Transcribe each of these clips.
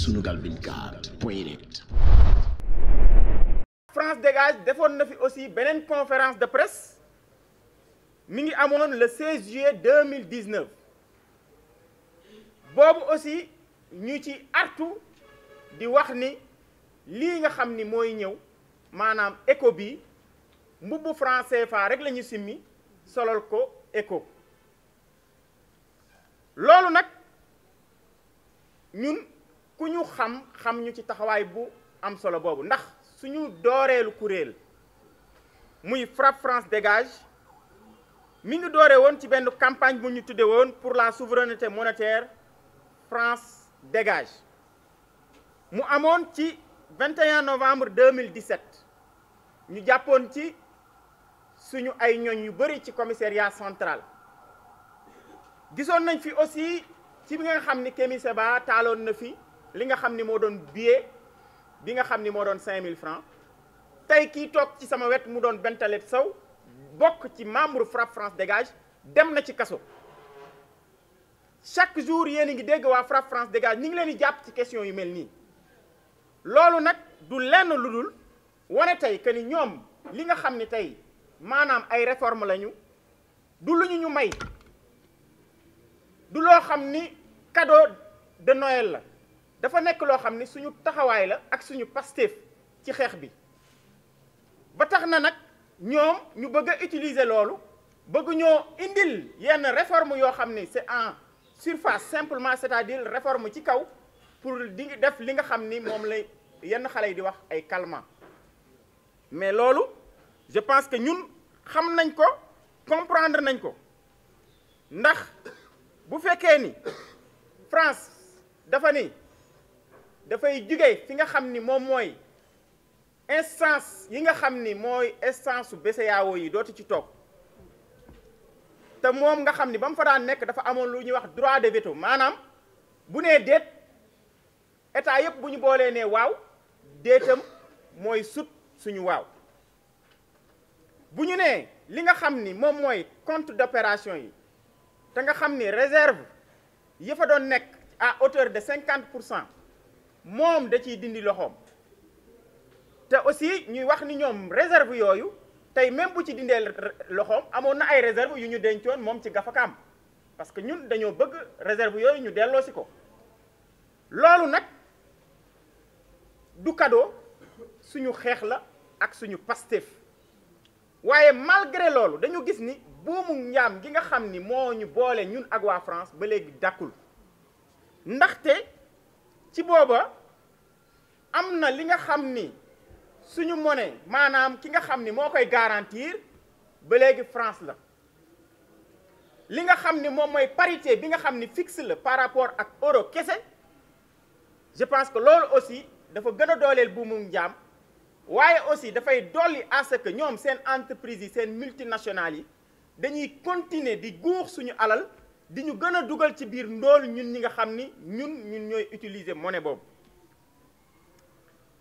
Sunugal 24 point net l'information dégage defoon na fi aussi beneen conférence de presse mi ngi amoon le 16 juillet 2019 boobu aussi ñu ci artu di wax ni lii nga xam ni mooy ñëw maanaam éco bi mbubbu franc CFA rek lañu simi solal ko éco loolu nag ñun ku ñu xam xam ñu ci taxawaay bu am solo boobu ndax suñu dooreelu kuréel muy FRAPP France dégage mu ngi dooree woon ci benn campagne bu ñu tudde woon pour la souveraineté monétaire France dégage mu amoon ci 21 novembre 2017 ñu jàppoon ci suñu ay ñoñ yu bëri ci commissariat central gisoon nañ fi aussi ci bi nga xam ni Kémi ba taaloon na fi li nga xam ni moo doon billet bi nga xam ni moo doon 5000 francs tey kii toog ci sama wet mu doon Bentelet saw bokk ci membre FRAPP France Dégage dem na ci kaso chaque jour yéen a ngi dégg waa FRAPP France Dégage ñu ngi leen di jàpp ci question yu mel nii loolu nag du lenn lu dul wane tey que ni ñoom li nga xam ni tey maanaam ay réforme lañu du lu ñu ñu may du loo xam ni cadeau de Noël la dafa nekk loo xam ni suñu taxawaay la ak suñu Pastef ci xeex bi ba tax na nag ñoom ñu bëgg a utiliser loolu bëgg ñoo indil yenn réforme yoo xam ni c'est en surface simplement cest à di réforme ci kaw pour di def li nga xam ni moom la yenn xale yi di wax ay calmants mais loolu je pense que ñun xam nañ ko comprendre nañ ko ndax bu fekkee ni France dafa ni dafay jóge fi nga xam ni moom mooy instance yi nga xam ni mooy instance su BCEAO yi dootu ci toog te moom nga xam ni ba mu fa daan nekk dafa amoon lu ñuy wax droit de veto maanaam bu nee déet état yëpp bu ñu boolee nee waaw déetam mooy sut suñu waaw bu ñu nee li nga xam ni moom mooy compte d'opération yi te nga xam ni réserve yi fa doon nekk à hauteur de cinquante pour cent moom da ciy dindi loxoom te aussi ñuy wax ni ñoom réserve yooyu tey même bu ci dindee loxoom amoon na ay réserve yu ñu dencoon moom ci gafakaam parce que ñun dañoo bëgg réserve yooyu ñu delloosi ko loolu nag du cadeau suñu xeex la ak suñu Pastef waaye malgré loolu dañu gis ni buumu njaam gi nga xam ni moo ñu boole ñun ak waa France ba léegi dàkkul ndaxte ci booba am na li nga xam ni suñu monnaie maanaam ki nga xam ni moo koy garantir ba léegi France la li nga xam ni moom mooy parité bi nga xam ni fixe la par rapport ak euro kese je pense que loolu aussi dafa gën a dooleel buumu njaam waaye aussi dafay dolli à ce que ñoom seen entreprise yi seen multinationales yi dañuy continuer di góor suñu alal di ñu gën a dugal ci biir ndool ñun ñi nga xam ni ñun ñun ñooy utiliser monnaie boobu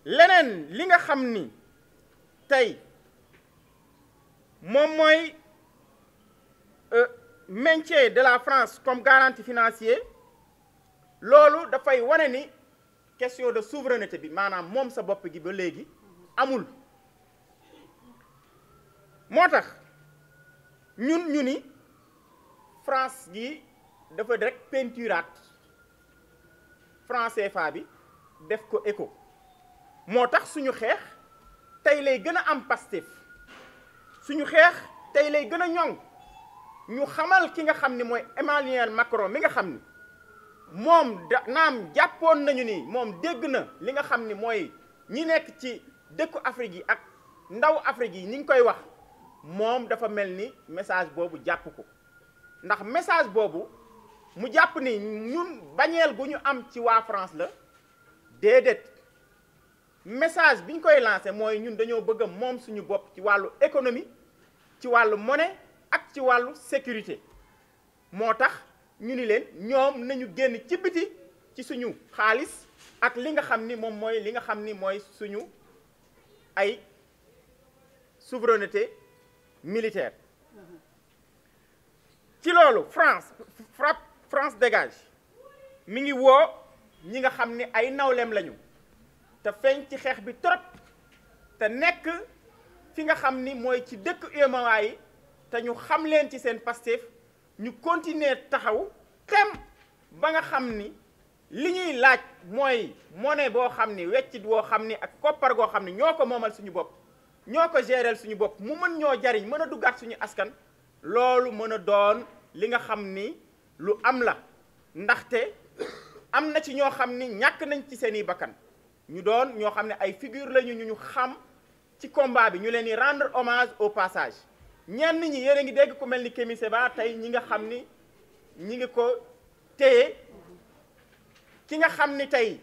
leneen li nga xam ni tey moom mooy euh, maintien de la France comme garantie financier loolu dafay wane ni question de souveraineté bi maanaam moom sa bopp gi ba léegi amul moo tax ñun ñu ni France gi dafa rek peinturaat franc fa bi def ko éco moo tax suñu xeex tey lay gën a am Pastef suñu xeex tey lay gën a ñoŋ ñu xamal ki nga xam ni mooy Emmanuel Macron mi nga xam ni moom da naam jàppoon nañu ni moom dégg na li nga xam ni mooy ñi nekk ci dëkku Afrique yi ak ndaw Afrique yi ni ñu koy wax moom dafa mel ni message boobu jàpp ko ndax message boobu mu jàpp ni ñun bañeel gu ñu am ci waa France la déedéet message bi ñu koy lancé mooy ñun dañoo bëgg a moom suñu bopp ci wàllu économie ci wàllu mone ak ci wàllu sécurité moo tax ñu ni leen ñoom nañu génn ci biti ci suñu xaalis ak li nga xam ni moom mooy li nga xam ni mooy suñu ay souveraineté militaire ci loolu France frappe France dégage mi ngi woo ñi nga xam ni ay nawleem lañu te feeñ ci xeex bi trop te nekk fi nga xam ni mooy ci dëkk UEMOA yi te ñu xam leen ci seen Pastef ñu continuer taxaw tem ba nga xam ni li ñuy laaj mooy monnaie boo xam ni weccit woo xam ni ak koppar goo xam ni ñoo ko moomal suñu bopp ñoo ko géreel suñu bopp mu mën ñoo jariñ mën a duggaat suñu askan loolu mën a doon li nga xam ni lu am la ndaxte am na ci ñoo xam ni ñàkk nañ ci seeni bakkan ñu doon ñoo xam ne ay figure lañu ñu ñu xam ci combat bi ñu leen di rendre hommage au passage ñenn ñi yéen a ngi dégg ku mel ni Kémi Séba tey ñi nga xam ni ñi ngi ko téye ki nga xam ni tey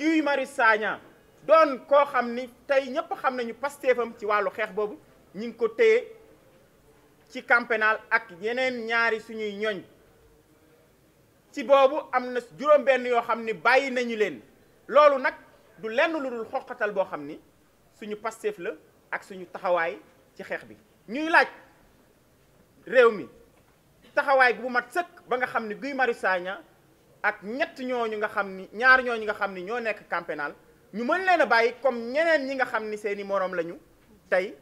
Guy Marius saaña doon koo xam ni tey ñëpp xam nañu Pastefam ci wàllu xeex boobu ñu ngi ko téye ci camp ak yeneen ñaari suñuy ñoñ ci boobu am na juróom-benn yoo xam ni bàyyi nañu leen loolu nag du lenn lu dul xoqatal boo xam ni suñu Pastef la ak suñu taxawaay ci xeex bi ñuy laaj réew mi taxawaay bu mat sëkk ba nga xam ni Guy Marius Sagna ak ñett ñooñu nga xam ni ñaar ñooñu nga xam ni ñoo nekk camp ñu mën leen a bàyyi comme ñeneen ñi nga xam ni seeni moroom lañu tey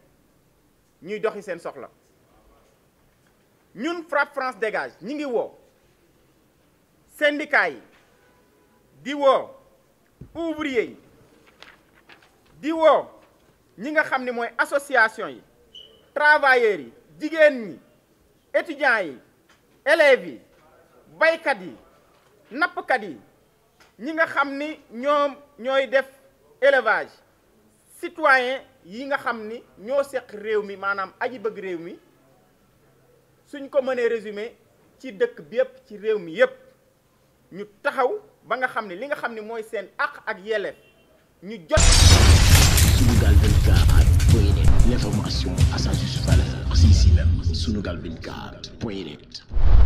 ñuy doxi seen soxla ñun FRAPP France dégage ñi ngi woo syndicat yi di woo ouvrier yi di woo ñi nga xam ni mooy association yi travailleurs yi jigéen ñi étudiants yi élèves yi baykat yi nappkat yi ñi nga xam ni ñoom ñooy def élevage citoyen yi nga xam ni ñoo seq réew mi maanaam aji bëgg réew mi suñ ko mënee résumé ci dëkk bi yépp ci réew mi yépp ñu taxaw ba nga xam ne li nga xam ni mooy seen àq ak yelleef ñu jot suñu gal point net l'information à